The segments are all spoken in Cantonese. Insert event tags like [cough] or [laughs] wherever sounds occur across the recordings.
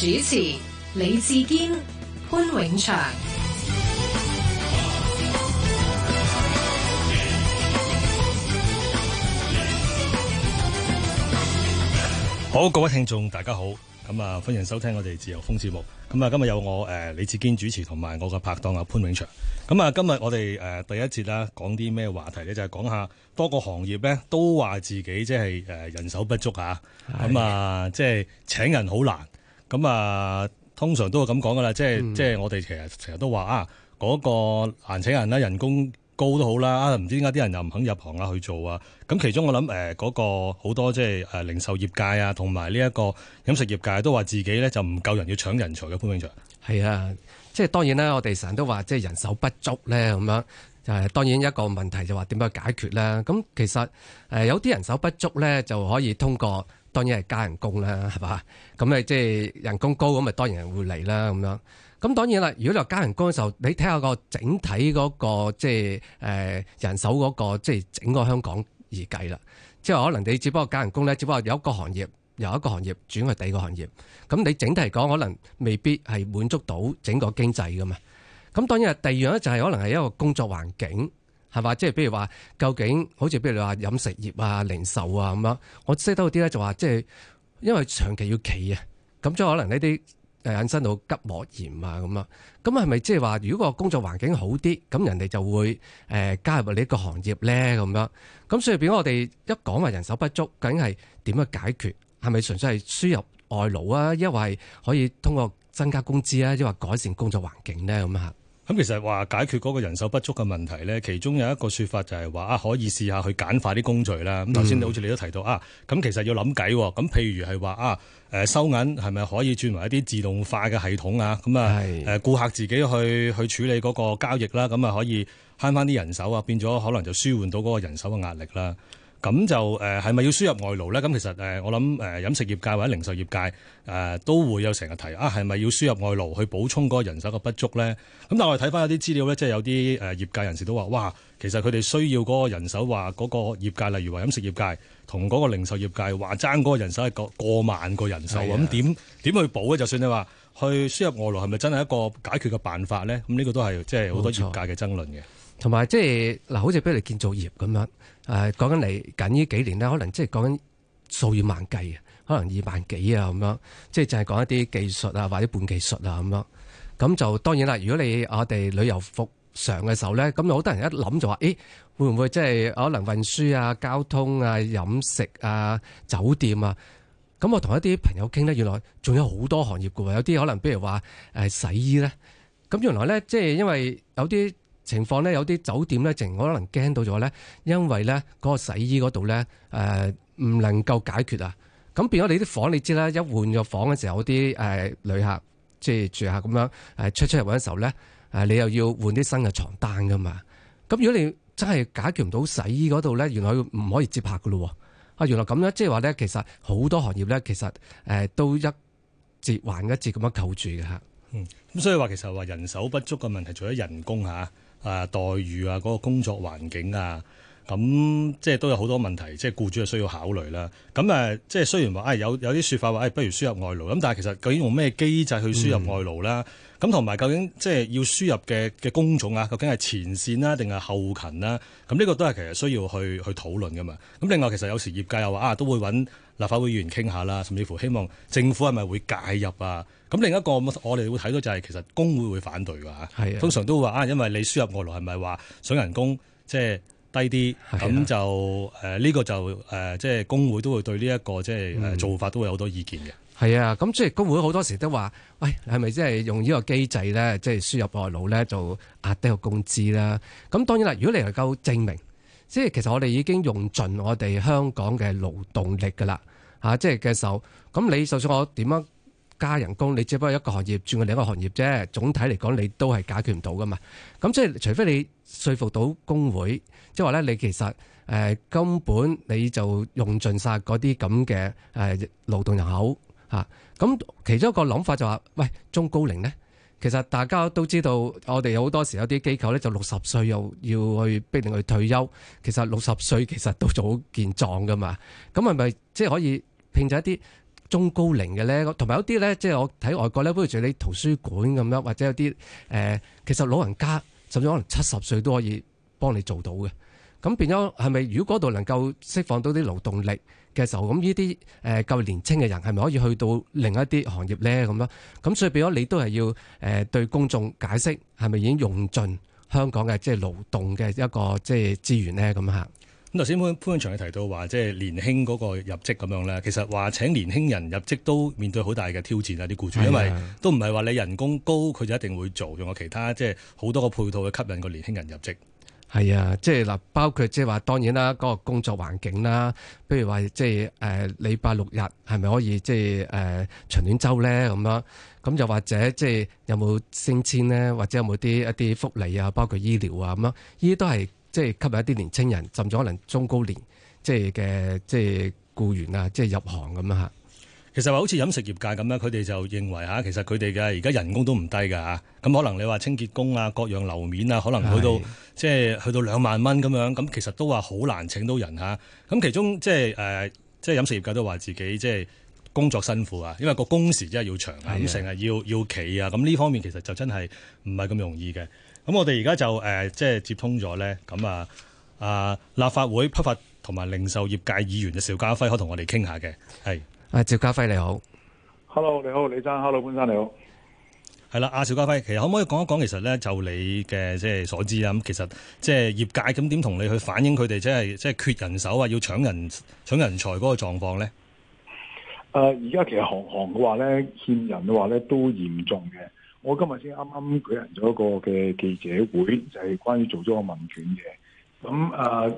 主持李志堅、潘永祥，好，各位聽眾，大家好，咁啊，歡迎收聽我哋自由風節目。咁啊，今日有我誒、呃，李志堅主持，同埋我嘅拍檔啊潘永祥。咁啊，今日我哋誒、呃、第一節啦，講啲咩話題咧？就係、是、講下多個行業咧，都話自己即係誒人手不足啊，咁啊，即係的、啊就是、請人好難。咁啊，通常都係咁講噶啦，即係、嗯、即係我哋其實成日都話啊，嗰、嗰個難請人啦，人工高都好啦，啊唔知點解啲人又唔肯入行啊去做啊。咁其中我諗嗰、呃嗰個好多即係、呃、零售業界啊，同埋呢一個飲食業界都話自己咧就唔夠人要搶人才嘅潘永祥。係啊，即係當然啦、啊，我哋成日都話即係人手不足咧咁樣，誒當然一個問題就話點樣解決咧。咁其實、呃、有啲人手不足咧，就可以通過。當然係加人工啦，係嘛？咁咧即係人工高，咁咪當然人會嚟啦咁樣。咁當然啦，如果你話加人工嘅時候，你睇下個整體嗰個即係誒人手嗰個即係整個香港而計啦，即係可能你只不過加人工咧，只不過有一個行業由一個行業轉去第二個行業，咁你整體嚟講，可能未必係滿足到整個經濟噶嘛。咁當然係第二樣咧，就係可能係一個工作環境。係嘛？即係譬如話，究竟好似譬如你話飲食業啊、零售啊咁樣，我識得嗰啲咧就話，即係因為長期要企啊，咁即可能呢啲誒引申到急膜炎啊咁啊。咁係咪即係話，如果個工作環境好啲，咁人哋就會誒、呃、加入呢一個行業咧咁樣？咁所以變咗我哋一講話人手不足，究竟係點樣解決？係咪純粹係輸入外勞啊？抑或係可以通過增加工資啊？抑或改善工作環境咧咁吓？咁其實話解決嗰個人手不足嘅問題咧，其中有一個說法就係話啊，可以試下去簡化啲工序啦。咁頭先你好似你都提到、嗯、啊，咁其實要諗計。咁譬如係話啊，誒收銀係咪可以轉為一啲自動化嘅系統啊？咁啊是誒顧客自己去去處理嗰個交易啦，咁啊可以慳翻啲人手啊，變咗可能就舒緩到嗰個人手嘅壓力啦。咁就係咪要輸入外勞咧？咁其實我諗飲食業界或者零售業界都會有成日提啊，係咪要輸入外勞去補充嗰個人手嘅不足咧？咁但係我睇翻有啲資料咧，即係有啲業界人士都話：哇，其實佢哋需要嗰個人手，話嗰個業界，例如話飲食業界同嗰個零售業界，話爭嗰個人手係過萬個人手，咁點點去補咧？就算你話去輸入外勞，係咪真係一個解決嘅辦法咧？咁呢個都係即係好多業界嘅爭論嘅。同埋即係嗱，好似比如你建造業咁樣。誒講緊嚟緊呢幾年咧，可能即係講緊數以萬計啊，可能二萬幾啊咁樣，即係淨係講一啲技術啊，或者半技術啊咁樣。咁就當然啦，如果你我哋旅遊服常嘅時候咧，咁好多人一諗就話：誒會唔會即係可能運輸啊、交通啊、飲食啊、酒店啊？咁我同一啲朋友傾咧，原來仲有好多行業嘅喎，有啲可能比如話誒洗衣咧，咁原來咧即係因為有啲。情況咧，有啲酒店咧，成可能驚到咗咧，因為咧嗰個洗衣嗰度咧，誒唔能夠解決啊。咁變咗你啲房，你知啦，一換咗房嘅時,、呃呃呃呃、時候，有啲誒旅客即係住客咁樣誒出出入入嘅時候咧，誒你又要換啲新嘅床單噶嘛。咁如果你真係解決唔到洗衣嗰度咧，原來佢唔可以接客噶咯喎。啊，原來咁咧，即係話咧，其實好多行業咧，其實誒都一節還一節咁樣扣住嘅嚇。嗯，咁所以話其實話人手不足嘅問題，除咗人工嚇。啊誒待遇啊，嗰個工作環境啊，咁即係都有好多問題，即係僱主係需要考慮啦。咁誒，即係雖然話誒有有啲說法話誒，不如輸入外勞咁，但係其實究竟用咩機制去輸入外勞啦？咁同埋究竟即係要輸入嘅嘅工種啊，究竟係前線啊，定係後勤啦？咁呢個都係其實需要去去討論噶嘛。咁另外其實有時業界又話啊，都會揾。立法會議員傾下啦，甚至乎希望政府係咪會介入啊？咁另一個我哋會睇到就係其實工會會反對㗎嚇。係啊，通常都會話啊，因為你輸入外勞係咪話想人工即係低啲？係啊，咁就誒呢個就誒即係工會都會對呢一個即係誒做法都會有好多意見嘅。係啊，咁即係工會好多時都話，喂、哎，係咪即係用呢個機制咧？即係輸入外勞咧，就壓低個工資啦？咁當然啦，如果你能夠證明，即係其實我哋已經用盡我哋香港嘅勞動力㗎啦。嚇，即係嘅時候，咁你就算我點樣加人工，你只不過一個行業轉去另一個行業啫。總體嚟講，你都係解決唔到噶嘛。咁即係除非你說服到工會，即係話咧，你其實誒根本你就用盡晒嗰啲咁嘅誒勞動人口嚇。咁其中一個諗法就話，喂，中高齡呢？其實大家都知道，我哋好多時有啲機構咧，就六十歲又要去逼令佢退休。其實六十歲其實都好健壯噶嘛。咁係咪即係可以？拼咗一啲中高齡嘅咧，同埋有啲咧，即係我睇外國咧，不如住啲圖書館咁樣，或者有啲、呃、其實老人家甚至可能七十歲都可以幫你做到嘅。咁變咗係咪？如果嗰度能夠釋放到啲勞動力嘅時候，咁呢啲誒夠年青嘅人係咪可以去到另一啲行業咧？咁樣，咁所以變咗你都係要誒對公眾解釋係咪已經用盡香港嘅即係勞動嘅一個即係資源咧？咁嚇。咁頭先潘潘永祥佢提到話，即係年輕嗰個入職咁樣咧，其實話請年輕人入職都面對好大嘅挑戰啊！啲僱主因為都唔係話你人工高佢就一定會做，仲有其他即係好多個配套去吸引個年輕人入職。係啊，即係嗱，包括即係話當然啦，嗰個工作環境啦，譬如話即係誒禮拜六日係咪可以即係誒長短週咧咁樣？咁又或者即係有冇升遷咧，或者有冇啲一啲福利啊，包括醫療啊咁樣，呢啲都係。即係吸引一啲年青人，甚至可能中高年即係嘅即係僱員啊，即係入行咁啊嚇。其實話好似飲食業界咁啦，佢哋就認為嚇，其實佢哋嘅而家人工都唔低㗎嚇。咁可能你話清潔工啊，各樣樓面啊，可能去到即係是的 去到兩萬蚊咁樣。咁其實都話好難請到人嚇。咁其中即係誒，即係飲食業界都話自己即係工作辛苦啊，因為個工時真係要長啊，咁成日要要企啊。咁呢方面其實就真係唔係咁容易嘅。咁我哋而家就誒、呃，即係接通咗咧。咁啊啊，立法會批發同埋零售業界議員嘅邵家輝可同我哋傾下嘅。係，阿邵、啊、家輝你好，Hello，你好李生，Hello 潘生，你好。係啦，阿、啊、邵家輝，其實可唔可以講一講？其實咧，就你嘅即係所知啊。咁其實即係業界咁點同你去反映佢哋，即係即係缺人手啊，要搶人搶人才嗰個狀況咧？誒、呃，而家其實行行嘅話咧，欠人嘅話咧都嚴重嘅。我今日先啱啱舉行咗一個嘅記者會，就係關於做咗個問卷嘅、啊。咁啊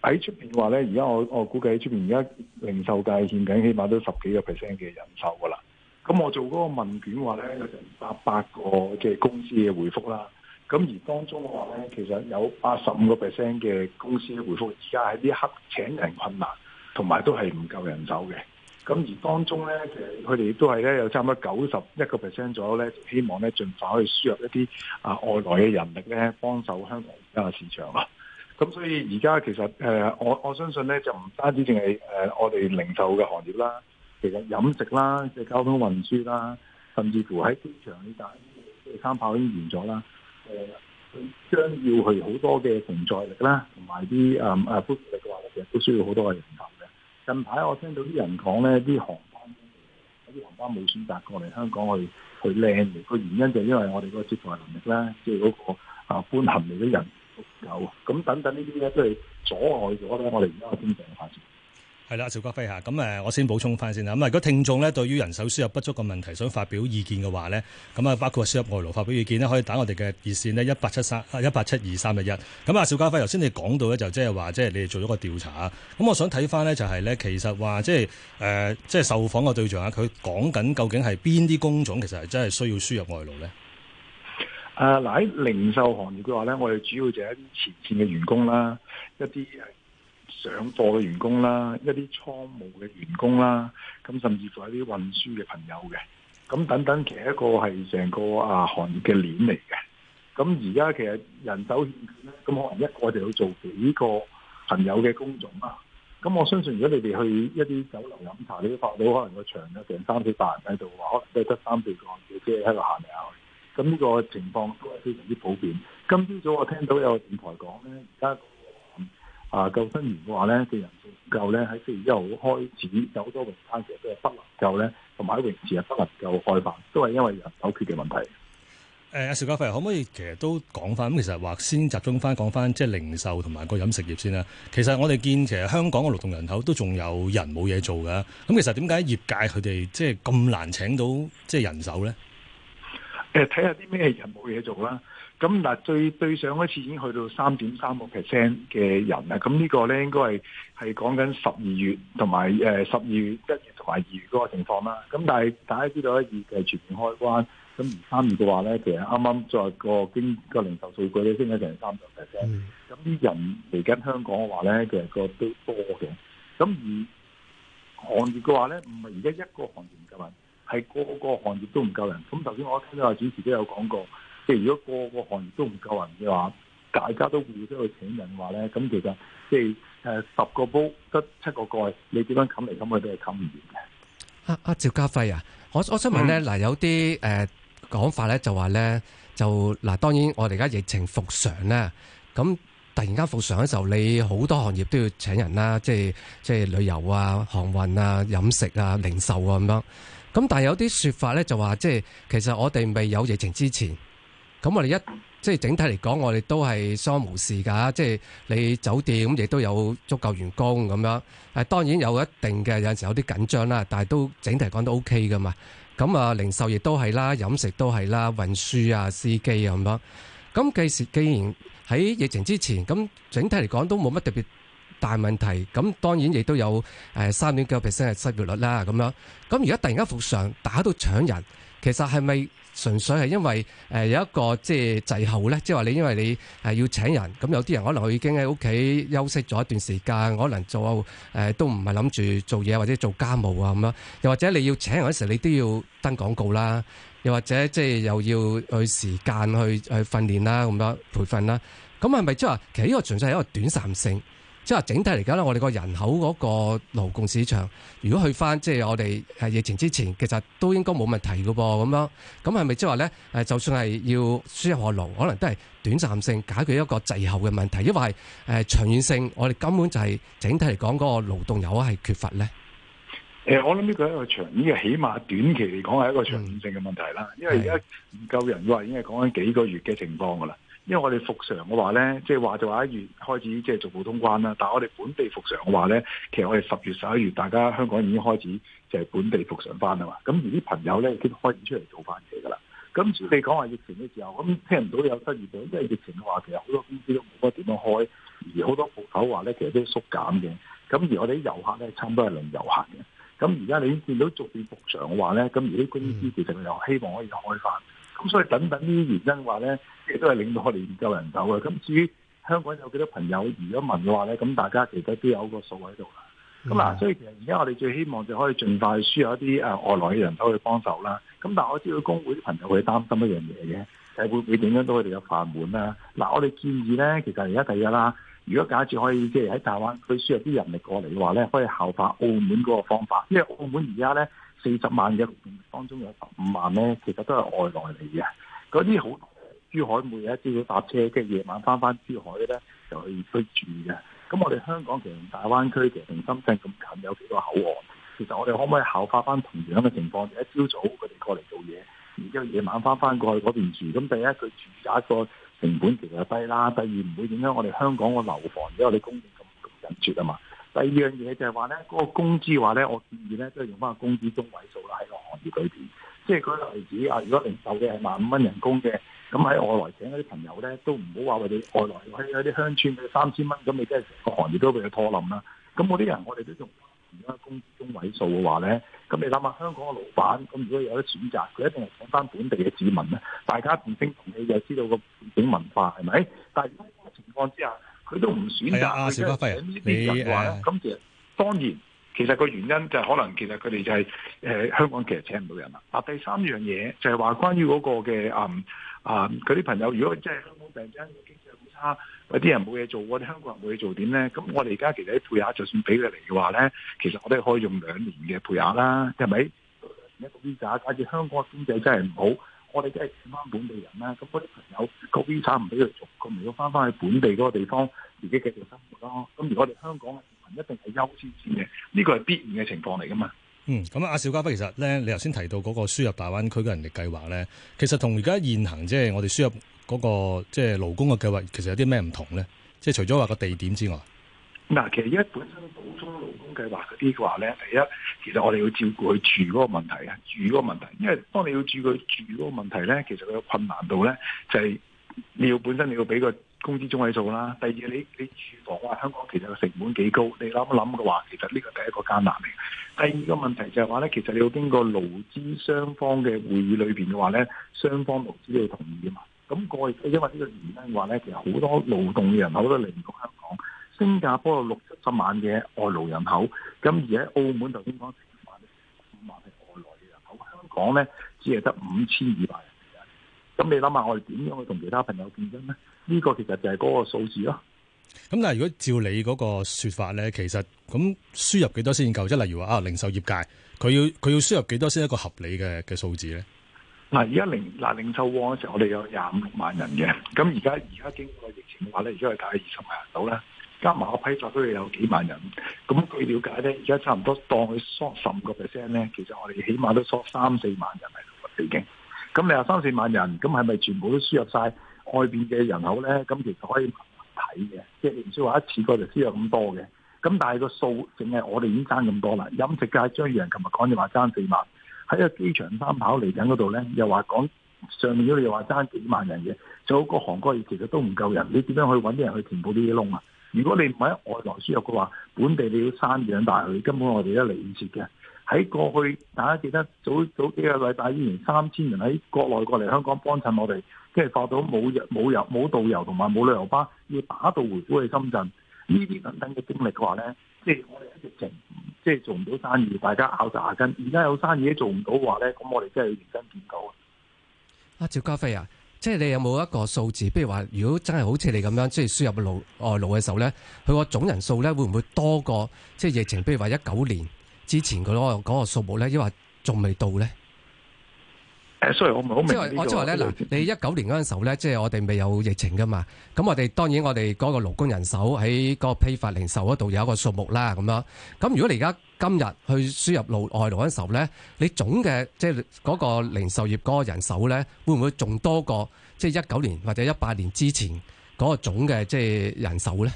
喺出邊話咧，而家我我估計喺出邊，而家零售界欠緊起碼都十幾個 percent 嘅人手㗎喇。咁我做嗰個問卷話咧，有成八百個嘅公司嘅回覆啦。咁而當中嘅話咧，其實有八十五個 percent 嘅公司嘅回覆，而家喺呢一刻請人困難，同埋都係唔夠人手嘅。咁而當中咧，其實佢哋亦都係咧有差唔多九十一個 percent 左右咧，希望咧盡快可以輸入一啲啊外來嘅人力咧，幫手香港而家嘅市場咁、 [laughs] 嗯、所以而家其實誒、呃，我我相信咧就唔單止淨係誒我哋零售嘅行業啦，其實飲食啦、即、即係、交通運輸啦，甚至乎喺機場你打三炮已經完咗啦。誒、呃，將要去好多嘅承載力啦，同埋啲啊啊恢復力嘅話，其實都需要好多嘅人手。近排我聽到啲人講咧，啲航班啲航班冇選擇過嚟香港去，佢靚嘅個原因就係因為我哋個接待能力啦，即係嗰個啊搬行李嘅人唔夠，咁等等呢啲咧都係阻礙咗咧我哋而家嘅經濟發展。係啦，邵家輝嚇咁誒，我先補充翻先啦。咁啊，如果聽眾咧對於人手輸入不足嘅問題想發表意見嘅話呢，咁啊，包括輸入外勞發表意見呢，可以打我哋嘅熱線呢，一八七三一八七二三一一。咁啊，邵家輝，頭先你講到呢，就即係話，即係你哋做咗個調查。咁我想睇翻呢，就係、是、呢，其實話即係即係受訪嘅對象啊，佢講緊究竟係邊啲工種其實係真係需要輸入外勞呢？誒嗱、呃，喺零售行業嘅話呢，我哋主要就係一啲前線嘅員工啦，一啲上課嘅員工啦，一啲倉務嘅員工啦，咁甚至乎一啲運輸嘅朋友嘅，咁等等其實一個係成個啊行業嘅鏈嚟嘅。咁而家其實人手欠缺咧，咁可能一個我哋要做幾個朋友嘅工種啦。咁我相信如果你哋去一啲酒樓飲茶，你都發到可能個場有成三四百人喺度話，可能都係得三四個小姐喺度行嚟行去。咁呢個情況都係非常之普遍。今朝早我聽到有個電台講咧，而家。啊！救生員嘅話咧，佢人手唔夠咧，喺四月一號開始有好多泳灘其實都不能夠咧，同埋喺泳池啊不能夠開辦，都係因為人口缺嘅問題。阿、呃、邵家輝，可唔可以其實都講翻咁？其實話先集中翻講翻，即係零售同埋個飲食業先啦。其實我哋見其實香港嘅勞動人口都仲有人冇嘢做㗎。咁其實點解業界佢哋即係咁難請到即係人手咧？睇下啲咩人冇嘢做啦。咁嗱，最對上一次已經去到三點三個 percent 嘅人啦。咁呢個咧應該係係講緊十二月同埋誒十二月一月同埋二月嗰個情況啦。咁但係大家知道咧，二係全面開關。咁而三月嘅話咧，其實啱啱再個經個零售數據咧升咗成三十 percent。咁啲、mm. 人嚟緊香港嘅話咧，其實個都多嘅。咁而行業嘅話咧，唔係而家一個行業唔夠人，係個個行業都唔夠人。咁頭先我聽到阿主持都有講過。即係如果個個行業都唔夠人嘅話，大家都互相去請人嘅話咧，咁其實即係誒十個煲得七個蓋，你點樣冚嚟，冚去都係冚唔完嘅。阿阿邵家輝啊，我我想問咧，嗱、嗯、有啲誒講法咧就話咧，就嗱當然我哋而家疫情復常咧，咁突然間復常嘅時候，你好多行業都要請人啦，即係即係旅遊啊、航運啊、飲食啊、零售啊咁樣。咁但係有啲說法咧就話，即係其實我哋未有疫情之前。咁我哋一即係整體嚟講，我哋都係商無事噶，即係你酒店亦都有足夠員工咁樣。誒，當然有一定嘅，有陣時有啲緊張啦，但係都整體嚟講都 OK 噶嘛。咁啊，零售亦都係啦，飲食都係啦，運輸啊司機啊咁樣。咁計時既然喺疫情之前，咁整體嚟講都冇乜特別大問題。咁當然亦都有誒三點九 percent 嘅失業率啦，咁樣。咁而家突然間復常，打到搶人。其實係咪純粹係因為誒有一個即係滯後咧？即係話你因為你誒要請人，咁有啲人可能佢已經喺屋企休息咗一段時間，可能做誒都唔係諗住做嘢或者做家務啊咁樣。又或者你要請人嗰時，你都要登廣告啦。又或者即係又要去時間去去訓練啦，咁樣培訓啦。咁係咪即係話其實呢個純粹係一個短暫性？即係話整體嚟講咧，我哋個人口嗰個勞工市場，如果去翻即係我哋係疫情之前，其實都應該冇問題噶噃咁樣。咁係咪即係話咧？誒，就算係要輸入外勞，可能都係短暫性解決一個滯後嘅問題，因為誒長遠性，我哋根本就係整體嚟講嗰個勞動有係缺乏咧、呃？我諗呢個係一個長遠嘅，起碼短期嚟講係一個長遠性嘅問題啦。嗯、因為而家唔夠人，話已經係講緊幾個月嘅情況噶啦。因為我哋復常嘅話咧，即係話就話、是、一月開始即係逐步通關啦。但我哋本地復常嘅話咧，其實我哋十月十一月大家香港已經開始就係本地復常返啦嘛。咁而啲朋友咧已經開始出嚟做翻嘢噶啦。咁你講話疫情嘅時候，咁聽唔到有失業者，因為疫情嘅話其實好多公司都冇得點樣開，而好多鋪頭話咧其實都縮減嘅。咁而我哋啲遊客咧差唔多係零遊客嘅。咁而家你見到逐漸復常嘅話咧，咁而啲公司其實又希望可以開翻。咁所以等等呢啲原因話咧，亦都係令到我哋唔夠人手嘅。咁至於香港有幾多朋友如果問嘅話咧，咁大家其實都有個數喺度啦。咁嗱、mm hmm. 啊，所以其實而家我哋最希望就可以盡快輸入一啲誒外來嘅人手去幫手啦。咁但係我知道工會啲朋友會擔心一樣嘢嘅，係會會點樣到佢哋嘅飯碗啦。嗱、啊啊，我哋建議咧，其實而家第一啦，如果假設可以即係喺大灣區輸入啲人力過嚟嘅話咧，可以效法澳門嗰個方法，因為澳門而家咧。四十萬嘅當中有十五萬呢，其實都係外來嚟嘅。嗰啲好珠海每日朝早搭車，即係夜晚翻翻珠海呢，就去居住嘅。咁我哋香港其實大灣區其實同深圳咁近，有幾個口岸。其實我哋可唔可以效法翻同樣嘅情況？一朝早佢哋過嚟做嘢，然之後夜晚翻翻過去嗰邊住。咁第一佢住宅個成本其實低啦。第二唔會影響我哋香港嘅樓房，因為我哋供應咁緊缺啊嘛。第二樣嘢就係話咧，嗰個工資話咧，我建議咧都係用翻個工資中位數啦，喺個行業裏邊。即係舉例子啊，如果零售嘅係萬五蚊人工嘅，咁喺外來請嗰啲朋友咧，都唔好話為咗外來喺喺啲鄉村嘅三千蚊，咁你即係個行業都俾佢拖冧啦。咁嗰啲人，我哋都用翻而家工資中位數嘅話咧，咁你諗下香港嘅老闆，咁如果有得選擇，佢一定係請翻本地嘅市民咧。大家同聲同氣，就知道個背景文化係咪？但係呢個情況之下。佢都唔選擇佢即係呢啲人話咧，咁其實當然，其實個原因就係可能其實佢哋就係、是、誒、呃、香港其實請唔到人啦。第三樣嘢就係、是、話關於嗰個嘅嗯啊嗰啲朋友，如果即係香港病濟經濟好差，有啲人冇嘢做，我哋香港人冇嘢做點咧？咁我哋而家其實啲配額就算俾佢嚟嘅話咧，其實我哋可以用兩年嘅配額啦，係、就、咪、是？一個 visa 假設香港嘅經濟真係唔好。我哋都係請翻本地人啦，咁嗰啲朋友個資產唔俾佢做，佢咪要翻翻去本地嗰個地方自己繼續生活咯。咁如果我哋香港嘅移民一定係優先嘅，呢個係必然嘅情況嚟噶嘛。嗯，咁啊，阿邵家輝，其實咧，你頭先提到嗰個輸入大灣區嘅人力計劃咧，其實同而家現行即係、就是、我哋輸入嗰、那個即係、就是、勞工嘅計劃，其實有啲咩唔同咧？即係除咗話個地點之外。嗱，其實依家本身補充勞工計劃嗰啲嘅話咧，第一，其實我哋要照顧佢住嗰個問題啊，住嗰個問題，因為當你要住佢住嗰個問題咧，其實佢個困難度咧就係、是、你要本身你要俾個工資中位數啦。第二，你你住房啊，香港其實個成本幾高，你諗一諗嘅話，其實呢個第一個艱難嚟。第二個問題就係話咧，其實你要經過勞資雙方嘅會議裏邊嘅話咧，雙方勞資都要同意啊。咁、那、過、個、因為這個呢個原因嘅話咧，其實好多勞動人口都嚟唔到香港。新加坡有六十萬嘅外勞人口，咁而喺澳門頭先講，十萬、十五萬係外來嘅人口，香港咧只係得五千二百人。咁你諗下，我哋點樣去同其他朋友競爭咧？呢個其實就係嗰個數字咯。咁但係如果照你嗰個說法咧，其實咁輸入幾多先夠？即係例如話啊，零售業界佢要佢要輸入幾多先一個合理嘅嘅數字咧？嗱，而家零嗱零售旺嗰時，我哋有廿五六萬人嘅，咁而家而家經過疫情嘅話咧，而家係大約二十萬人到啦。加埋馬批集都有幾萬人，咁據了解咧，而家差唔多當佢縮十五個 percent 咧，其實我哋起碼都縮三四萬人嚟啦，已經。咁你話三四萬人，咁係咪全部都輸入晒外邊嘅人口咧？咁其實可以睇嘅，即係你唔需要話一次過就輸入咁多嘅。咁但係個數淨係我哋已經爭咁多啦。飲食界張宇人琴日講就話爭四萬，喺個機場三跑嚟緊嗰度咧，又話講上面嗰啲又話爭幾萬人嘅，就好過韓國其實都唔夠人，你點樣去搵啲人去填補啲嘢窿啊？如果你唔係外來輸入的話，嘅話本地你要生養大佢，根本我哋都嚟唔切嘅。喺過去大家記得早早幾個禮拜以前，三千人喺國內過嚟香港幫襯我哋，跟住發覺冇入冇入冇導遊同埋冇旅遊巴，要打道回府去深圳。呢啲等等嘅經歷嘅話咧，即係我哋疫情即係做唔到生意，大家咬緊牙根、啊。而家有生意都做唔到嘅話咧，咁我哋真係要認真見到啊！邵家輝啊！即係你有冇一個數字，比如話如果真係好似你咁樣，即係輸入勞外勞嘅時候咧，佢個總人數咧會唔會多過即係疫情，比如話一九年之前嗰個嗰個數目咧，抑或仲未到咧？誒，sorry，我唔好明。即係我即係話咧，嗱，你一九年嗰陣時候咧，即係我哋未有疫情噶嘛？咁我哋當然我哋嗰個勞工人手喺嗰個批發零售嗰度有一個數目啦。咁樣，咁如果你而家。今日去輸入外勞嘅時候呢，你總嘅即係嗰個零售業嗰個的人手呢，會唔會仲多過即係一九年或者一八年之前嗰個總嘅即係人手呢？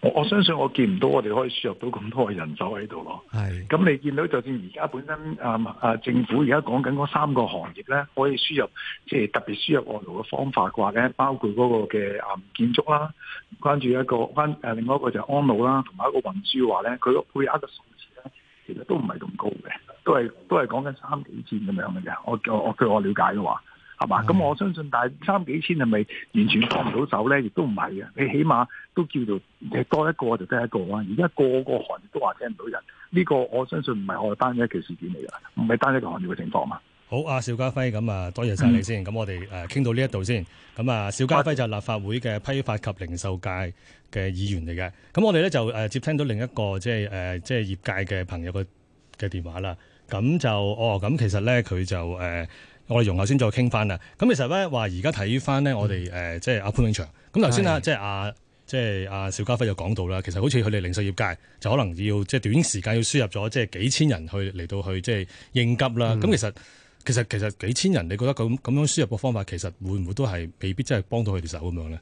我相信我見唔到我哋可以輸入到咁多嘅人手喺度咯。係是，咁你見到就算而家本身啊、啊、嗯、政府而家講緊嗰三個行業呢，可以輸入即係、就是、特別輸入外勞嘅方法嘅話呢，包括嗰個嘅建築啦，關注一個關一個另外一個就係安老啦，同埋一個運輸話呢，佢個配合嘅數其實都唔係咁高嘅，都係都係講緊三幾千咁樣嘅啫。我我，我據我了解嘅話，係嘛？咁我相信，但係三幾千係咪完全幫唔到手咧？亦都唔係嘅。你起碼都叫做多一個就得一個啊！而家個個行業都話請唔到人，呢、這個我相信唔係我的單一個事件嚟噶，唔係單一個行業嘅情況啊。好，阿邵家輝，咁啊，多謝晒你先。咁我哋誒傾到呢一度先。咁啊，邵家輝就立法會嘅批發及零售界嘅議員嚟嘅。咁我哋咧就誒接聽到另一個即係誒即係業界嘅朋友嘅嘅電話啦。咁就哦，咁其實咧佢就誒、呃、我哋容後先再傾翻啦。咁其實咧話而家睇翻咧，我哋即係阿潘永祥。咁頭先啊，即係阿即係阿邵家輝就講到啦。其實好似佢哋零售業界就可能要即係、就是、短時間要輸入咗即係幾千人去嚟到去即、就是、應急啦。咁、嗯、其實其實其實幾千人你覺得咁咁樣輸入嘅方法，其實會唔會都係未必真係幫到佢哋手咁樣咧？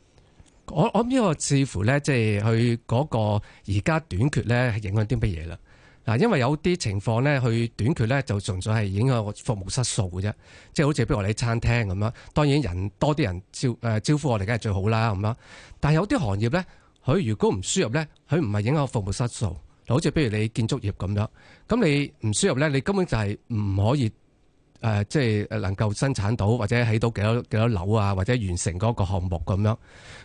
我我諗呢個似乎咧，即係佢嗰個而家短缺咧，係影響啲乜嘢啦？嗱，因為有啲情況咧，佢短缺咧就純粹係影響服務失數嘅啫。即係好似比如我哋餐廳咁樣，當然人多啲人招誒、呃、招呼我哋，梗係最好啦咁啦。但係有啲行業咧，佢如果唔輸入咧，佢唔係影響服務失數，好似比如你建築業咁樣，咁你唔輸入咧，你根本就係唔可以。誒即係能夠生產到或者起到幾多幾多樓啊，或者完成嗰個項目咁樣。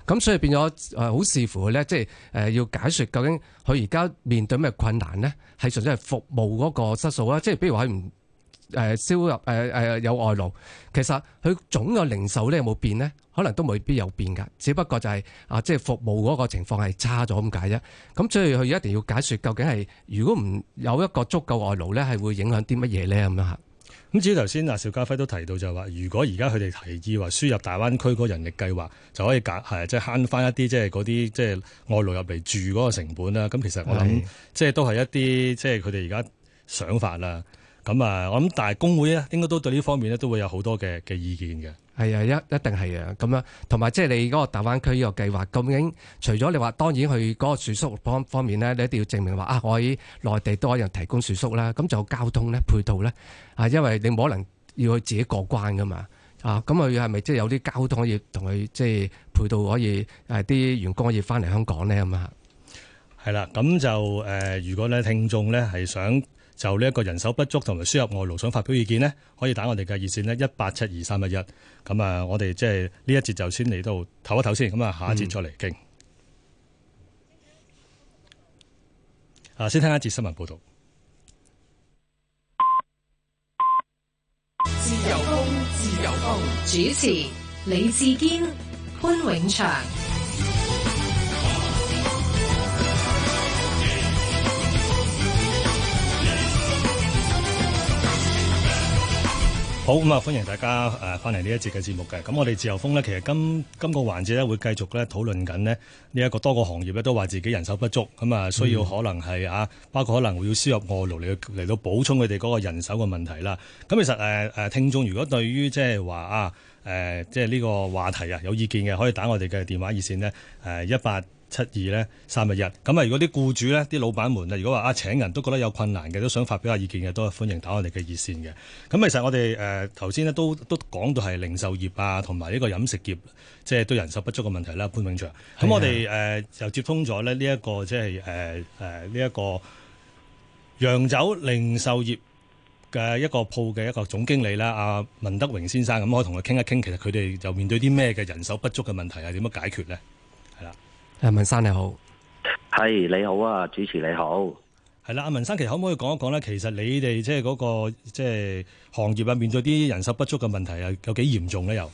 咁所以變咗誒好視乎咧，即係誒要解説究竟佢而家面對咩困難咧，係純粹係服務嗰個質素啦。即係比如話佢唔誒輸入誒誒有外勞，其實佢總嘅零售咧有冇變咧，可能都未必有變㗎。只不過就係啊，即係服務嗰個情況係差咗咁解啫。咁所以佢一定要解説究竟係如果唔有一個足夠外勞咧，係會影響啲乜嘢咧咁樣吓。咁至於頭先阿邵家輝都提到就係話，如果而家佢哋提議話輸入大灣區嗰人力計劃，就可以減係即係慳返一啲即係嗰啲即係外勞入嚟住嗰個成本啦。咁其實我諗即係都係一啲即係佢哋而家想法啦。咁啊，我諗但係工會咧應該都對呢方面咧都會有好多嘅嘅意見嘅。係啊，一一定係啊咁樣，同埋即係你嗰個大灣區呢個計劃，究竟除咗你話當然去嗰個住宿方方面咧，你一定要證明話啊，我喺內地都一樣提供住宿啦。咁就交通咧、配套咧啊，因為你冇可能要去自己過關㗎嘛啊，咁佢係咪即係有啲交通可以同佢即係配套可以係啲員工可以翻嚟香港咧咁啊？係啦，咁就誒，如果咧聽眾咧係想。就呢一個人手不足同埋輸入外勞想發表意見呢，可以打我哋嘅熱線呢，一八七二三一一。咁啊，我哋即係呢一節就先嚟到唞一唞先，咁啊下一節再嚟傾。啊、嗯，先聽一節新聞報導。自由風，自由風。主持李志堅、潘永祥。好咁啊！歡迎大家返翻嚟呢一節嘅節目嘅。咁我哋自由風咧，其實今今個環節咧會繼續咧討論緊呢呢一個多個行業咧都話自己人手不足，咁啊需要可能係啊，嗯、包括可能會要輸入外勞嚟嚟到補充佢哋嗰個人手嘅問題啦。咁其實誒誒、呃、聽眾如果對於即係話啊誒即係呢個話題啊有意見嘅，可以打我哋嘅電話熱線呢。誒、呃、一八。七二咧，三日一咁啊！如果啲雇主咧，啲老闆們啊，如果話啊，請人都覺得有困難嘅，都想發表下意見嘅，都係歡迎打我哋嘅熱線嘅。咁其實我哋誒，頭先咧都都講到係零售業啊，同埋呢個飲食業，即係都人手不足嘅問題啦。潘永祥，咁，啊，我哋誒又接通咗咧呢一個即係誒誒呢一個洋酒零售業嘅一個鋪嘅一個總經理啦，阿文德榮先生，咁可以同佢傾一傾，其實佢哋又面對啲咩嘅人手不足嘅問題係點樣解決咧？阿文生你好是，係你好啊，主持你好，係啦，阿汶生，其實可唔可以講一講咧？其實你哋即係嗰個即係、就是、行業啊，面對啲人手不足嘅問題啊，有幾嚴重咧？又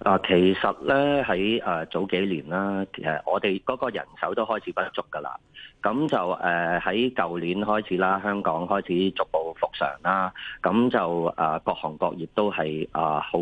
啊，其實咧喺誒早幾年啦，其實我哋嗰個人手都開始不足噶啦。咁就誒喺舊年開始啦，香港開始逐步復常啦。咁就啊，各行各業都係啊，好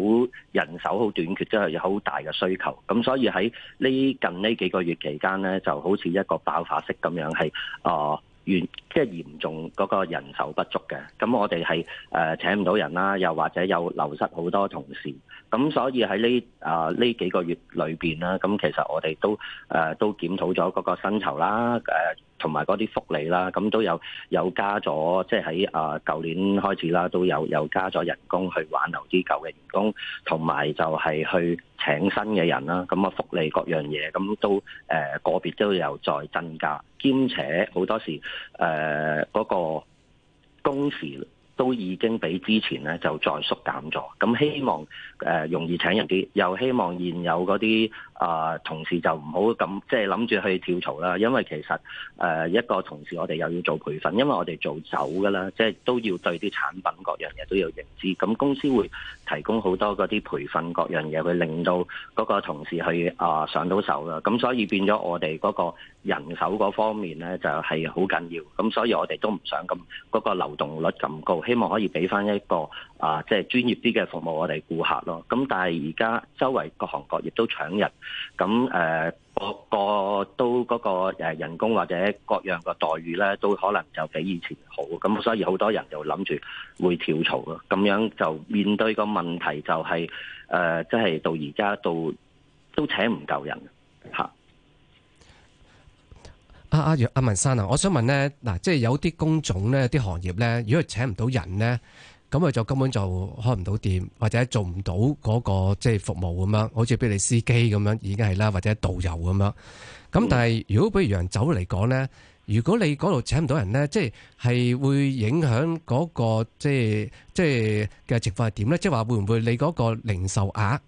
人手好短缺，即係有好大嘅需求。咁所以喺呢近呢幾個月期間咧，就好似一個爆發式咁樣，係啊，嚴即係嚴重嗰個人手不足嘅。咁我哋係誒請唔到人啦，又或者有流失好多同事。咁所以喺呢啊呢幾個月裏面啦，咁其實我哋都誒都檢討咗嗰個薪酬啦，呃同埋嗰啲福利啦，咁都有有加咗，即係喺啊舊年開始啦，都有有加咗人工去挽留啲舊嘅員工，同埋就係去請新嘅人啦。咁啊福利各樣嘢，咁都誒、呃、個別都有再增加，兼且好多時誒嗰、呃嗰個工時。都已經比之前咧就再縮減咗，咁希望誒容易請人啲，又希望現有嗰啲啊同事就唔好咁即係諗住去跳槽啦，因為其實誒一個同事我哋又要做培訓，因為我哋做走噶啦，即係都要對啲產品各樣嘢都要認知，咁公司會提供好多嗰啲培訓各樣嘢，去令到嗰個同事去啊上到手啦，咁所以變咗我哋嗰個。人手嗰方面咧就係好緊要，咁所以我哋都唔想咁嗰個流動率咁高，希望可以俾翻一個啊，即係專業啲嘅服務我哋顧客咯。咁但係而家周圍各行各業都搶人，咁誒個個都嗰個人工或者各樣個待遇咧都可能就比以前好，咁所以好多人就諗住會跳槽咯。咁樣就面對個問題就係誒，即係到而家到都請唔夠人嚇。阿阿阿文生啊，我想問咧，嗱，即係有啲工種咧，啲行業咧，如果請唔到人咧，咁佢就根本就開唔到店，或者做唔到嗰個即係服務咁樣，好似畀你司機咁樣已經係啦，或者導遊咁樣。咁但係如果比如遊走嚟講咧，如果你嗰度請唔到人咧，即係係會影響嗰個即係即係嘅情況係點咧？即係話會唔會你嗰個零售額？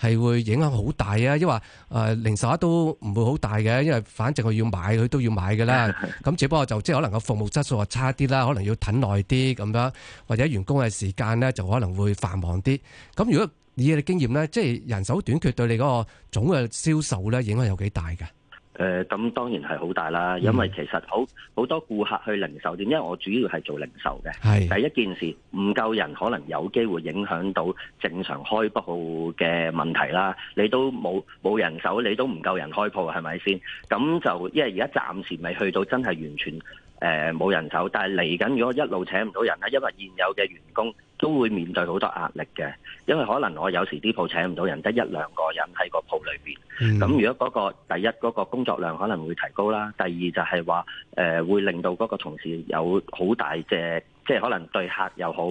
係會影響好大啊！因為、呃、零售都唔會好大嘅，因為反正佢要買，佢都要買㗎啦。咁 [laughs] 只不過就即係可能個服務質素差啲啦，可能要等耐啲咁樣，或者員工嘅時間呢就可能會繁忙啲。咁如果以你嘅經驗呢，即係人手短缺對你嗰個總嘅銷售呢影響有幾大㗎？誒咁，呃、當然係好大啦，因為其實好好多顧客去零售店，因為我主要係做零售嘅。是第一件事，唔夠人可能有機會影響到正常開鋪嘅問題啦。你都冇冇人手，你都唔夠人開鋪，係咪先？咁就因為而家暫時未去到真係完全。誒，冇人手，但係嚟緊如果一路請唔到人咧，因為現有嘅員工都會面對好多壓力嘅，因為可能我有時啲鋪請唔到人，得一兩個人喺個鋪裏邊。咁如果嗰個第一嗰個工作量可能會提高啦，第二就係話誒，會令到嗰個同事有好大隻。即係可能對客又好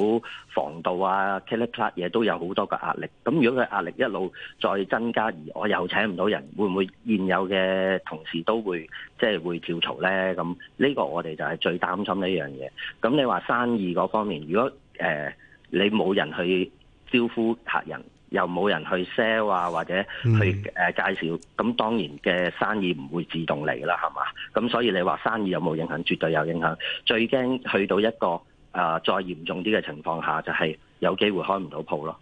防盜啊、k i l i l a r t 嘢都有好多個壓力。咁如果佢壓力一路再增加，而我又請唔到人，會唔會現有嘅同事都會即係會跳槽呢？咁呢個我哋就係最擔心呢樣嘢。咁你話生意嗰方面，如果誒、呃、你冇人去招呼客人，又冇人去 sell 啊或者去、呃嗯、介紹，咁當然嘅生意唔會自動嚟啦，係嘛？咁所以你話生意有冇影響？絕對有影響。最驚去到一個。啊，再嚴重啲嘅情況下，就係、是、有機會開唔到鋪咯。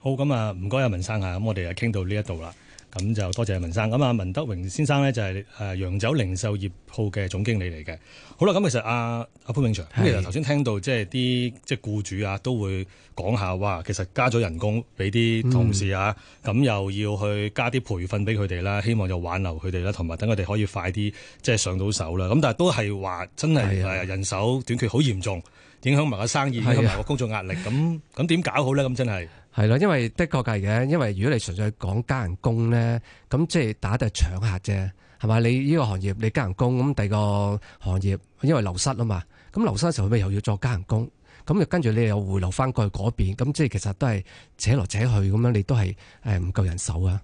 好，咁啊，唔該阿文生啊。咁我哋啊傾到呢一度啦，咁就多謝啊文生。咁啊，文德榮先生咧就係、是、誒、啊、洋酒零售業鋪嘅總經理嚟嘅。好啦，咁其實阿阿潘永祥，咁你頭先聽到即係啲即係僱主啊，都會講下哇，其實加咗人工俾啲同事啊，咁、嗯啊、又要去加啲培訓俾佢哋啦，希望就挽留佢哋啦，同埋等佢哋可以快啲即係上到手啦。咁但係都係話真係人手短缺好嚴重。影響埋個生意，同埋個工作壓力，咁咁點搞好咧？咁真係係咯，因為的確係嘅。因為如果你純粹講加人工咧，咁即係打都係搶客啫，係嘛？你呢個行業你加人工，咁第二個行業因為流失啊嘛，咁流失嘅時候咪又要再加人工，咁又跟住你又回流翻過去嗰邊，咁即係其實都係扯來扯去咁樣，你都係誒唔夠人手啊。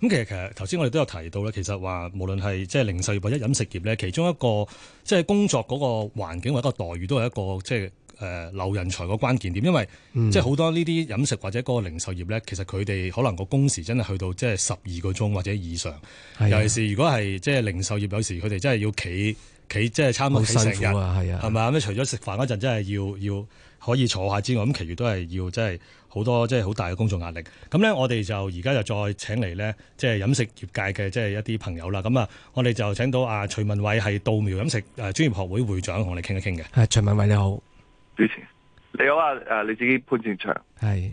咁其實其實頭先我哋都有提到啦，其實話無論係即係零售業或者飲食業咧，其中一個即係工作嗰個環境或者個待遇都係一個即係誒留人才個關鍵點，因為即係好多呢啲飲食或者嗰個零售業咧，其實佢哋可能個工時真係去到即係十二個鐘或者以上，尤其是如果係即係零售業，有時佢哋真係要企企即係差唔多企成日，係啊，係咪啊？咁除咗食飯嗰陣，真係要要，要可以坐下之外，咁其餘都係要即係好多，即係好大嘅工作壓力。咁咧，我哋就而家就再請嚟咧，即係飲食業界嘅即係一啲朋友啦。咁啊，我哋就請到阿徐汶緯係稻苗飲食誒專業學會會長，和你談一談的，同我哋傾一傾嘅。係徐汶緯你好，主持你好啊，誒你自己潘正祥係。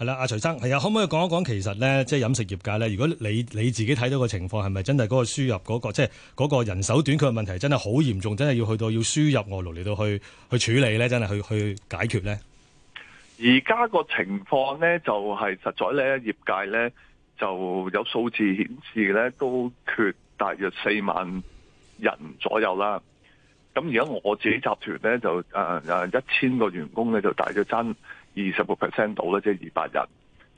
係啦，阿徐生，係啊，可唔可以講一講，其實咧，即係飲食業界咧，如果你你自己睇到個情況，係咪真係嗰個輸入嗰個，即係嗰個人手短缺嘅問題，真係好嚴重，真係要去到要輸入外勞嚟到去去處理咧，真係去去解決咧？而家個情況咧，就係實在咧，業界咧就有數字顯示咧，都缺大約四萬人左右啦。咁而家我自己集團咧，就誒誒一千個員工咧，就大約真。二十個 percent 到咧，即係二百人，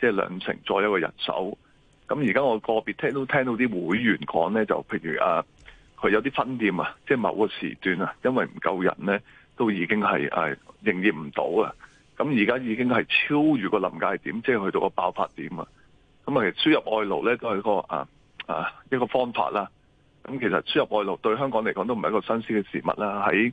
即係兩成再一個人手。咁而家我個別聽都聽到啲會員講咧，就譬如啊，佢有啲分店啊，即係某個時段啊，因為唔夠人咧，都已經係誒啊營業唔到啊。咁而家已經係超越個臨界點，即係去到個爆發點啊。咁啊，輸入外勞咧都係個啊啊一個方法啦。咁其實輸入外勞對香港嚟講都唔係一個新鮮嘅事物啦。喺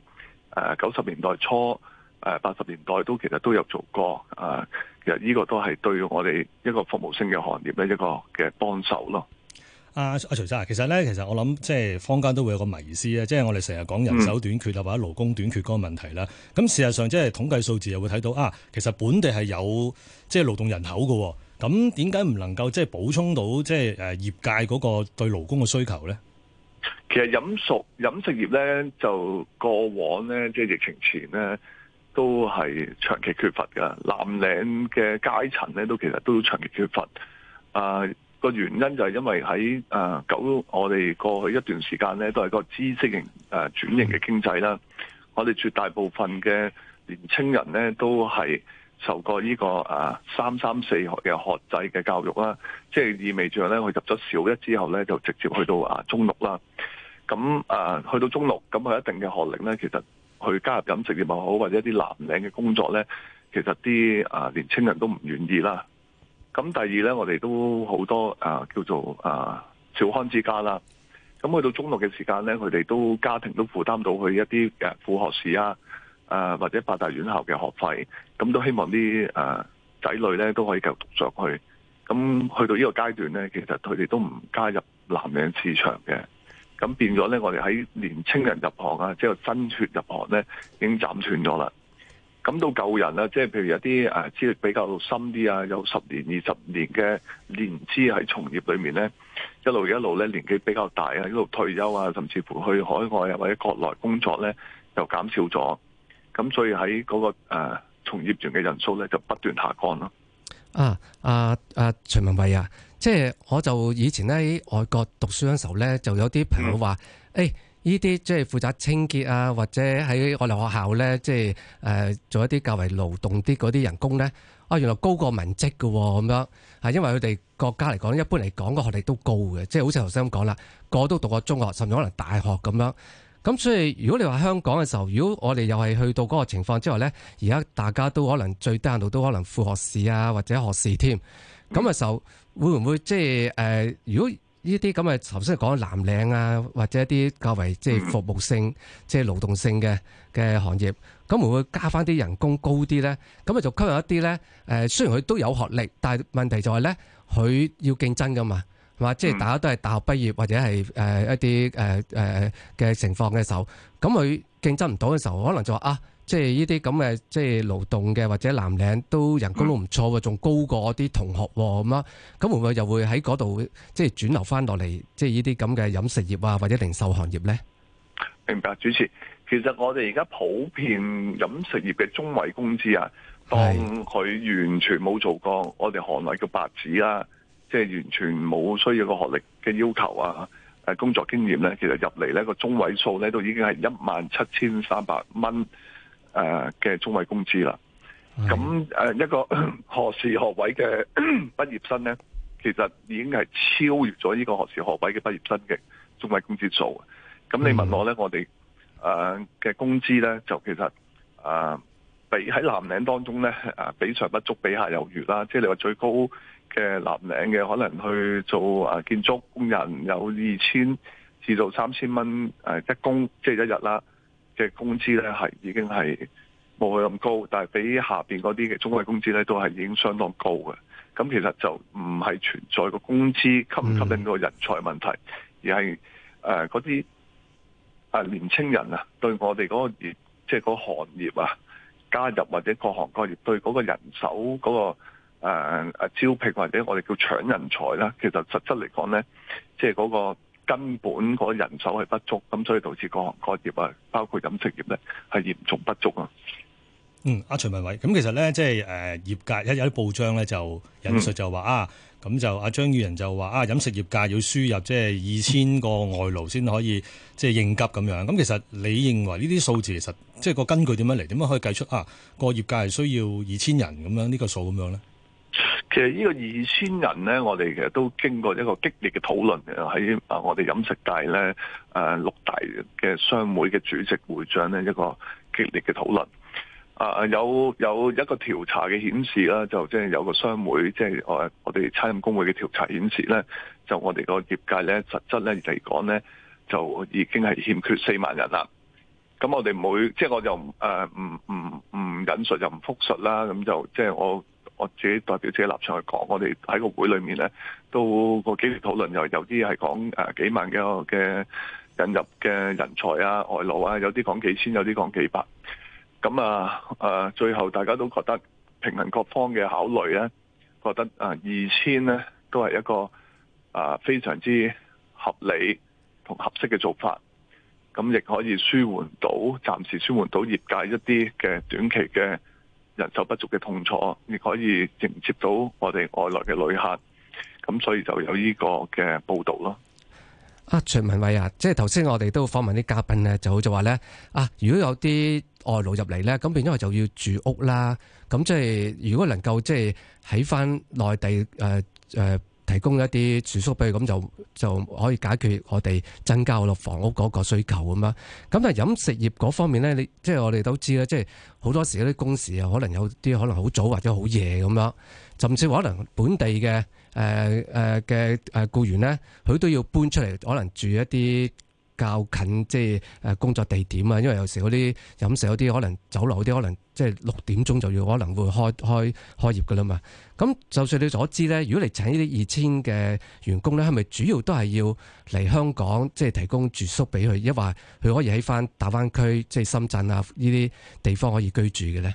誒九十年代初。誒八十年代都其實都有做過，啊，其實呢個都係對我哋一個服務性嘅行業咧一個嘅幫手咯。阿啊，徐生啊，其實咧，其實我諗即係坊間都會有個迷思咧，即係我哋成日講人手短缺啊，或者勞工短缺嗰個問題啦。咁，嗯，事實上即係統計數字又會睇到啊，其實本地係有即係勞動人口嘅，咁點解唔能夠即係補充到即係誒業界嗰個對勞工嘅需求咧？其實飲熟飲食業咧，就過往咧，即係疫情前咧。都係長期缺乏嘅，藍領嘅階層咧都其實都長期缺乏。啊、呃，個原因就係因為喺啊九，我哋過去一段時間咧都係個知識型誒、呃、轉型嘅經濟啦。我哋絕大部分嘅年青人咧都係受過呢、這個誒三三四學嘅學制嘅教育啦，即係意味著咧，佢入咗小一之後咧就直接去到啊中六啦。咁啊、呃、去到中六，咁佢一定嘅學歷咧，其實。去加入飲食業又好，或者一啲藍領嘅工作呢，其實啲啊年青人都唔願意啦。咁第二呢，我哋都好多啊叫做啊小康之家啦。咁去到中六嘅時間呢，佢哋都家庭都負擔到去一啲誒副學士啊，誒、啊、或者八大院校嘅學費，咁都希望啲誒仔女呢都可以繼續讀上去。咁去到呢個階段呢，其實佢哋都唔加入藍領市場嘅。咁變咗咧，我哋喺年青人入行啊，即係新血入行咧，已經斬斷咗啦。咁到舊人啦，即係譬如有啲誒資歷比較深啲啊，有十年、二十年嘅年資喺從業裏面咧，一路一路咧年紀比較大啊，一路退休啊，甚至乎去海外啊或者國內工作咧，又減少咗。咁所以喺嗰個誒、啊、從業員嘅人數咧，就不斷下降咯。啊啊啊！徐汶緯啊，即係我就以前咧喺外國讀書嗰陣時候咧，就有啲朋友話：，誒、嗯，呢啲即係負責清潔啊，或者喺我哋學校咧，即係誒、呃、做一啲較為勞動啲嗰啲人工咧，啊，原來高過文職嘅，咁樣，係因為佢哋國家嚟講，一般嚟講個學歷都高嘅，即係好似頭先咁講啦，個個都讀過中學，甚至可能大學咁樣。咁所以如果你話香港嘅時候，如果我哋又係去到嗰個情況之外咧，而家大家都可能最低限度都可能副學士啊或者學士添，咁嘅時候會唔會即係誒？如果呢啲咁嘅頭先講藍領啊或者一啲較為即係服務性、即係勞動性嘅嘅行業，咁會唔會加翻啲人工高啲咧？咁啊就吸引一啲咧？誒、呃，雖然佢都有學歷，但係問題就係咧，佢要競爭噶嘛。即係大家都係大學畢業或者係誒一啲誒誒嘅情況嘅時候，咁佢競爭唔到嘅時候，可能就話啊，即係呢啲咁嘅即係勞動嘅或者藍領都人工都唔錯嘅，仲高過啲同學咁啊，咁會唔會就會喺嗰度即係轉流翻落嚟，即係呢啲咁嘅飲食業啊或者零售行業咧？明白，主持，其實我哋而家普遍飲食業嘅中位工資啊，當佢完全冇做過我，我哋行內嘅白紙啊。即係完全冇需要個學歷嘅要求啊，誒，工作經驗咧，其實入嚟，咧個中位數咧都已經係一萬七千三百蚊誒嘅中位工資啦。咁誒、mm hmm. 呃、一個學士學位嘅畢業生咧，其實已經係超越咗呢個學士學位嘅畢業生嘅中位工資數。咁你問我咧，mm hmm. 我哋誒嘅工資咧就其實誒比喺南嶺當中咧誒、呃、比上不足，比下有餘啦。即、就、係、是、你話最高。嘅藍領嘅可能去做啊，建築工人有二千至到三千蚊，誒一工即係一日啦，嘅、就是、工資咧係已經係冇佢咁高，但係比下邊嗰啲嘅中位工資咧都係已經相當高嘅。咁其實就唔係存在個工資吸唔吸引到個人才問題，而係誒嗰啲啊年青人啊對我哋嗰個業即係、就是、個行業啊加入或者各行各業對嗰個人手嗰、那個。誒誒、啊啊，招聘或者我哋叫搶人才啦，其實實質嚟講咧，即係嗰個根本嗰人手係不足，咁所以導致各行各業啊，包括飲食業咧，係嚴重不足啊。嗯，阿徐汶緯，咁其實咧，即係誒，業界有一有啲報章咧，就引述就話、嗯、啊，咁就阿張宇人就話啊，飲食業界要輸入即係二千個外勞先可以即係、就是、應急咁樣。咁其實你認為呢啲數字，其實即係個根據點樣嚟？點樣可以計出啊？個業界係需要二千人咁樣、這個、樣呢個數咁樣咧？其實這個呢個二千人咧，我哋其實都經過一個激烈嘅討論嘅喺啊，在我哋飲食界咧誒，六大嘅商會嘅主席會長咧一個激烈嘅討論啊，有有一個調查嘅顯示啦，就即係有個商會即係誒，就是、我哋餐飲工會嘅調查顯示咧，就我哋個業界咧實質咧嚟講咧，就已經係欠缺四萬人啦。咁我哋每即係、就是、我就誒唔唔唔引述又唔複述啦，咁就即係、就是、我。我自己代表自己立場去講，我哋喺個會裏面咧，都幾激烈討論，又有啲係講幾萬嘅嘅引入嘅人才啊外勞啊，有啲講幾千，有啲講幾百。咁啊，最後大家都覺得平衡各方嘅考慮咧，覺得二千咧都係一個啊非常之合理同合適嘅做法，咁亦可以舒緩到暫時舒緩到業界一啲嘅短期嘅人手不足嘅痛楚，亦可以迎接到我哋外來嘅旅客，咁所以就有呢個嘅報道咯。啊，徐汶緯啊，即係頭先我哋都訪問啲嘉賓咧，就好似話咧啊，如果有啲外勞入嚟咧，咁變咗就要住屋啦。咁即係如果能夠即係喺翻內地誒誒。呃呃提供一啲住宿，譬如咁就就可以解決我哋增加我哋房屋嗰個需求咁啦。咁但飲食業嗰方面咧，你即係我哋都知啦，即係好多時啲工時啊，可能有啲可能好早或者好夜咁樣，甚至可能本地嘅誒誒嘅誒僱員咧，佢都要搬出嚟，可能住一啲。較近即係誒工作地點啊，因為有時嗰啲飲食、嗰啲可能酒樓、啲可能即係六點鐘就要可能會開開開業噶啦嘛。咁就算你所知咧，如果你請呢啲二千嘅員工咧，係咪主要都係要嚟香港即係、就是、提供住宿俾佢，抑或佢可以喺翻大灣區即係深圳啊呢啲地方可以居住嘅咧？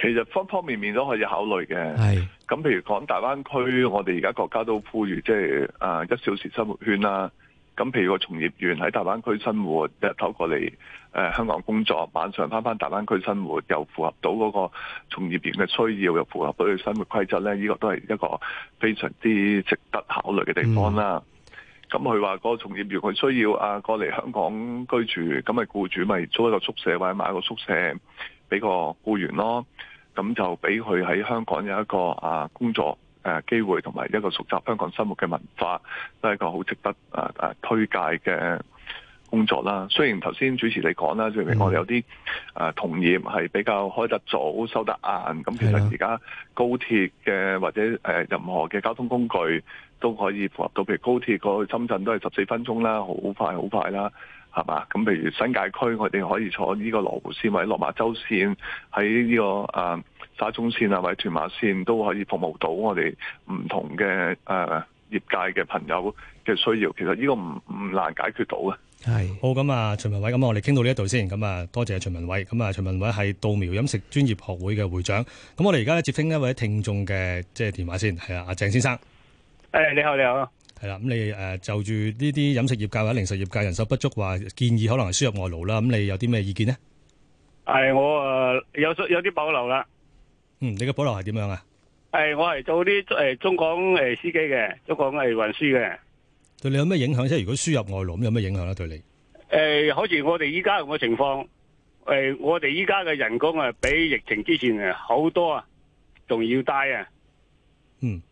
其實方方面面都可以考慮嘅。係咁是，譬如講大灣區，我哋而家國家都呼籲即係誒一小時生活圈啦、啊。咁譬如個從業員喺大灣區生活，日頭過嚟誒、呃、香港工作，晚上翻返大灣區生活，又符合到嗰個從業員嘅需要，又符合到佢生活規則咧，呢、這個都係一個非常之值得考慮嘅地方啦。咁佢話個從業員佢需要啊過嚟香港居住，咁咪僱主咪、就是、租一個宿舍或者買一個宿舍俾個僱員咯，咁就俾佢喺香港有一個啊工作。誒、啊、機會同埋一個熟習香港生活嘅文化，都係一個好值得、啊啊、推介嘅工作啦。雖然頭先主持你講啦，明明我哋有啲誒、啊、同業係比較開得早收得晏，咁其實而家高鐵嘅或者誒、啊、任何嘅交通工具都可以符合到，譬如高鐵過去深圳都係十四分鐘啦，好快好快啦，係嘛？咁譬如新界區，我哋可以坐呢個羅湖線或者落馬洲線喺呢、這個誒。啊沙中線啊，或者屯馬線都可以服務到我哋唔同嘅誒、呃、業界嘅朋友嘅需要。其實呢個唔唔難解決到嘅。哎、好咁啊，徐、嗯、汶緯，咁、嗯、我哋傾到呢一度先。咁、嗯、啊，多謝徐汶緯。咁、嗯、啊，徐汶緯係稻苗飲食專業學會嘅會長。咁、嗯、我哋而家接聽一位聽眾嘅即係電話先。係、呃、啊，阿鄭先生。誒、哎，你好，你好。係啦、嗯，咁你誒、呃、就住呢啲飲食業界或者零食業界人手不足，話建議可能輸入外勞啦。咁、嗯、你有啲咩意見呢？係、哎，我有有啲保留啦。嗯，你嘅保留係點樣啊？係我係做啲誒中港誒司機嘅，中港係運輸嘅。對你有咩影響？即係如果輸入外勞咁有咩影響咧？對你誒，好似我哋依家咁嘅情況，誒、欸，我哋依家嘅人工啊，比疫情之前好多啊，仲要低啊、嗯。嗯。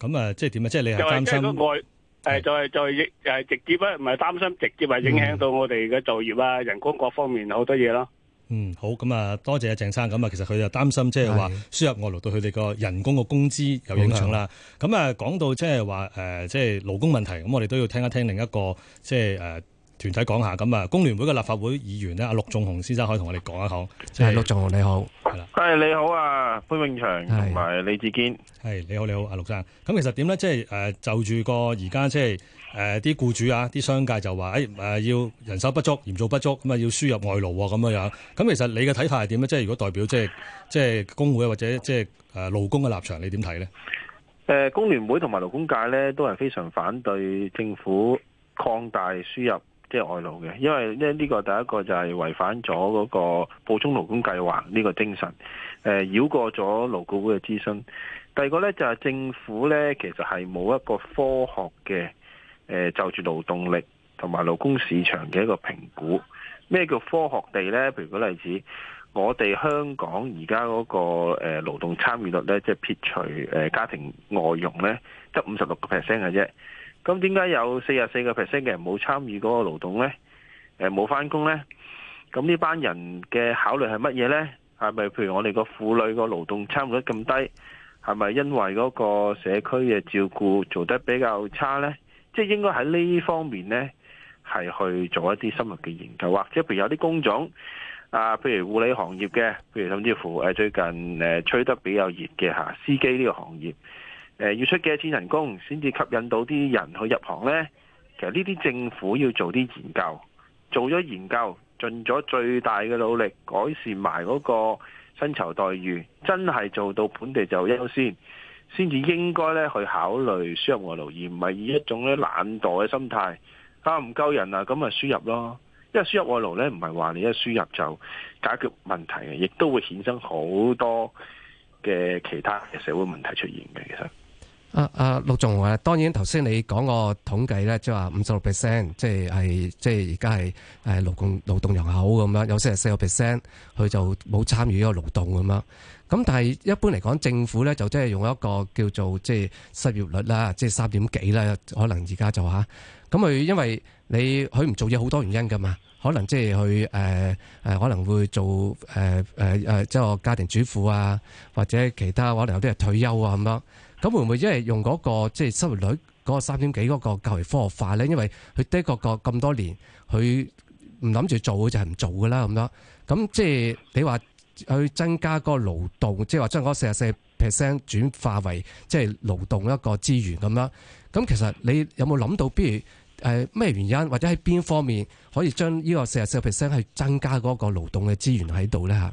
咁、嗯、啊，即係點啊？即係你係擔心？就係即係外，就係是就係直接啊，唔係擔心，直接啊，影響到我哋嘅就業啊、嗯、人工各方面好多嘢咯。嗯，好，咁啊，多謝阿鄭生，咁啊，其實佢就擔心，即係話輸入外勞對佢哋個人工嘅工資有影響啦。咁啊，講到即係話，即係勞工問題，咁我哋都要聽一聽另一個即係誒團體講下咁啊，工聯會嘅立法會議員咧，阿陸頌雄先生可以同我哋講一講。係陸頌雄你好，係啦。誒，你好啊，潘永祥同埋李志堅。係，你好你好阿陸生，咁其實點咧？即係誒就住個而家即係誒啲僱主啊，啲商界就話誒誒要人手不足，嚴重不足，咁啊，要輸入外勞咁樣樣。咁其實你嘅睇法係點咧？即係如果代表即係即係工會或者即係誒勞工嘅立場，你點睇咧？誒，工聯會同埋勞工界咧都係非常反對政府擴大輸入。即係外勞嘅。因為呢，呢個第一個就係違反咗嗰個補充勞工計劃呢個精神，誒繞過咗勞顧會嘅諮詢。第二個呢，就係政府呢，其實係冇一個科學嘅就住勞動力同埋勞工市場嘅一個評估。咩叫科學地呢？譬如舉例子，我哋香港而家嗰個誒勞動參與率呢，即係撇除誒家庭外傭呢，得五十六個 percent 嘅啫。咁點解有四十四個 percent 嘅人冇參與嗰個勞動咧？誒冇返工咧？咁呢班人嘅考慮係乜嘢咧？係咪譬如我哋個婦女個勞動參與得咁低？係咪因為嗰個社區嘅照顧做得比較差咧？即係應該喺呢方面咧係去做一啲深入嘅研究，或者譬如有啲工種啊，譬如護理行業嘅，譬如甚至乎誒最近誒吹得比較熱嘅嚇司機呢個行業。誒、呃、要出幾多錢人工先至吸引到啲人去入行呢？其實呢啲政府要做啲研究，做咗研究，盡咗最大嘅努力改善埋嗰個薪酬待遇，真係做到本地就優先，先至應該咧去考慮輸入外勞，而唔係以一種咧懶惰嘅心態啊，唔夠人啊咁咪輸入咯。因為輸入外勞咧唔係話你一輸入就解決問題嘅，亦都會衍生好多嘅其他嘅社會問題出現嘅，其實。啊啊，陸頌雄啊，當然頭先你講個統計咧，即係話五十六 percent，即係係即係而家係誒勞工勞動人口咁樣，有四十四個 percent 佢就冇參與呢個勞動咁樣。咁但係一般嚟講，政府咧就即係用一個叫做即係失業率啦，即係三點幾啦，可能而家就嚇。咁佢因為你佢唔做嘢好多原因噶嘛，可能即係佢誒誒可能會做誒誒誒，即係家庭主婦啊，或者其他可能有啲係退休啊咁樣。咁會唔會因為用嗰、那個即係、就是、失業率嗰、那個三點幾嗰個較為科學化咧？因為佢的確個咁多年，佢唔諗住做就係、是、唔做㗎啦咁樣。咁即係你話去增加嗰個勞動，即係話將嗰四十四 percent 轉化為即係勞動一個資源咁樣。咁其實你有冇諗到，譬如誒咩、呃、原因，或者喺邊方面可以將呢個四十四 percent 去增加嗰個勞動嘅資源喺度咧嚇？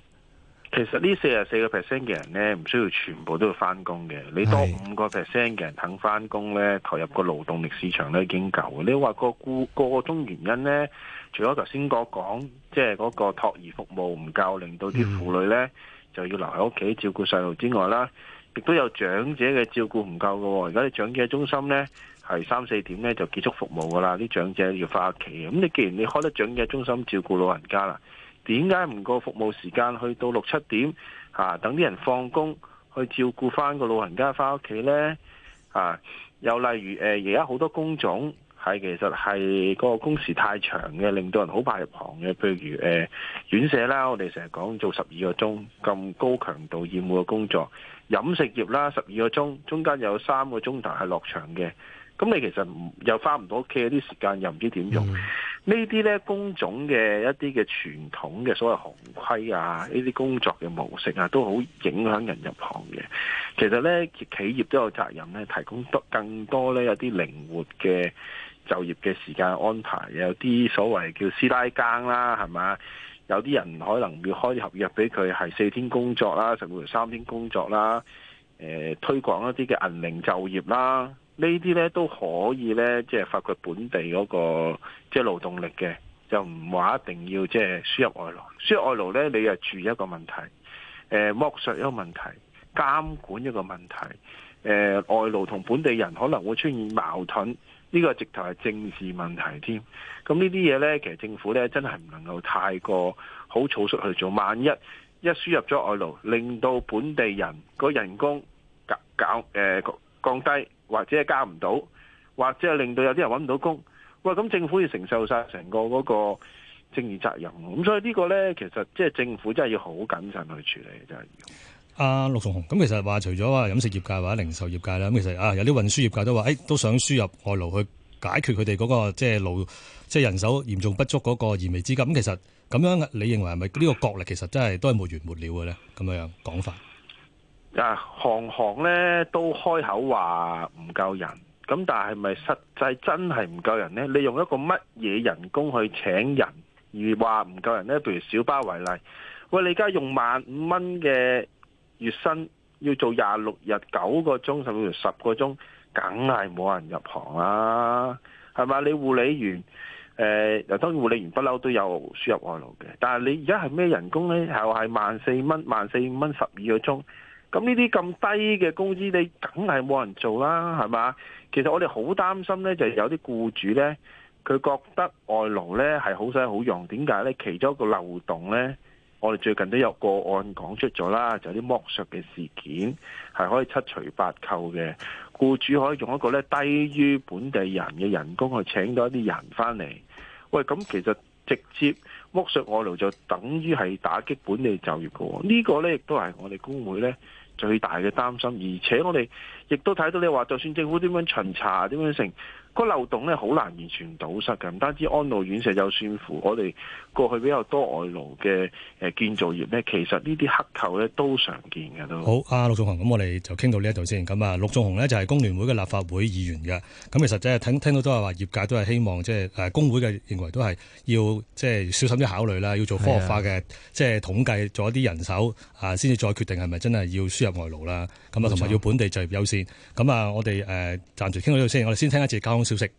其實呢四十四個 percent 嘅人咧，唔需要全部都要翻工嘅。你多五個 percent 嘅人肯翻工咧，投入個勞動力市場咧已經夠。你話個故個中原因咧，除咗頭先我講，即係嗰個託兒服務唔夠，令到啲婦女咧就要留喺屋企照顧細路之外啦，亦都有長者嘅照顧唔夠嘅。而家啲長者中心咧係三四點咧就結束服務噶啦，啲長者要翻屋企。咁你既然你開得長者中心照顧老人家啦。點解唔過服務時間去到六七點嚇、啊？等啲人放工去照顧翻個老人家翻屋企呢？嚇、啊！又例如誒，而家好多工種係其實係個工時太長嘅，令到人好怕入行嘅。譬如誒、呃，院舍啦，我哋成日講做十二個鐘咁高強度厭惡嘅工作，飲食業啦，十二個鐘，中間有三個鐘頭係落場嘅。咁你其實唔又返唔到屋企啲時間，又唔知點用呢啲呢工種嘅一啲嘅傳統嘅所謂行規啊，呢啲工作嘅模式啊，都好影響人入行嘅。其實呢，企業都有責任呢，提供更多呢有啲靈活嘅就業嘅時間安排，有啲所謂叫師奶更啦，係嘛？有啲人可能要開合約俾佢係四天工作啦，甚至乎三天工作啦。呃，推廣一啲嘅銀齡就業啦。呢啲呢都可以呢，即係發掘本地嗰個即係勞動力嘅，就唔話一定要即係輸入外勞輸入外勞呢，你又住一個問題，誒剝削一個問題，監管一個問題，誒外勞同本地人可能會出現矛盾，呢個直頭係政治問題添。咁呢啲嘢呢，其實政府呢真係唔能夠太過好草率去做。萬一一輸入咗外勞，令到本地人個人工減誒降低。或者係加唔到，或者係令到有啲人揾唔到工，哇！咁政府要承受晒成個嗰個政治責任，咁所以個呢個咧其實即係政府真係要好謹慎去處理，真、就、係、是啊。阿陸頌雄，咁、嗯、其實話除咗話飲食業界或者零售業界啦咁、嗯、其實啊有啲運輸業界都話，誒、哎、都想輸入外勞去解決佢哋嗰個即係勞即係人手嚴重不足嗰個燃眉之急。咁、嗯、其實咁樣你認為係咪呢個角力其實真係都係沒完沒了嘅咧？咁樣講法？啊！行行咧都開口話唔夠人咁，但係咪實際真係唔夠人呢？你用一個乜嘢人工去請人而話唔夠人呢？譬如小巴為例，喂，你而家用萬五蚊嘅月薪要做廿六日九個鐘，甚至乎十個鐘，梗係冇人入行啦、啊，係咪？你護理員誒，又、呃、當然護理員不嬲都有輸入外勞嘅，但係你而家係咩人工呢？又係萬四蚊，萬四五蚊十二個鐘。咁呢啲咁低嘅工資，你梗係冇人做啦，係嘛？其實我哋好擔心呢，就有啲僱主呢，佢覺得外勞呢係好使好用，點解呢？其中一個漏洞呢，我哋最近都有個案講出咗啦，就啲剝削嘅事件係可以七除八扣嘅，僱主可以用一個呢低於本地人嘅人工去請到一啲人翻嚟。喂，咁其實直接剝削外勞就等於係打擊本地就業嘅喎。呢、呢個呢亦都係我哋工會呢。最大嘅擔心，而且我哋亦都睇到你話，就算政府點樣巡查，點樣成個漏洞咧好難完全堵塞㗎，唔單止安老院舍有算乎，我哋過去比較多外勞嘅建造業咧，其實呢啲黑球咧都常見嘅都。好，啊，陸頌雄，咁我哋就傾到呢一度先。咁啊，陸頌雄咧就係、是、工聯會嘅立法會議員嘅。咁其實即係聽，聽到都係話業界都係希望即係工會嘅認為都係要即係、就是、小心啲考慮啦，要做科學化嘅即係統計，做一啲人手啊先至再決定係咪真係要輸入外勞啦。咁啊，同埋錯要本地就業優先。咁啊，我哋誒、呃、暫時傾到呢度先。我哋先聽一次交消息。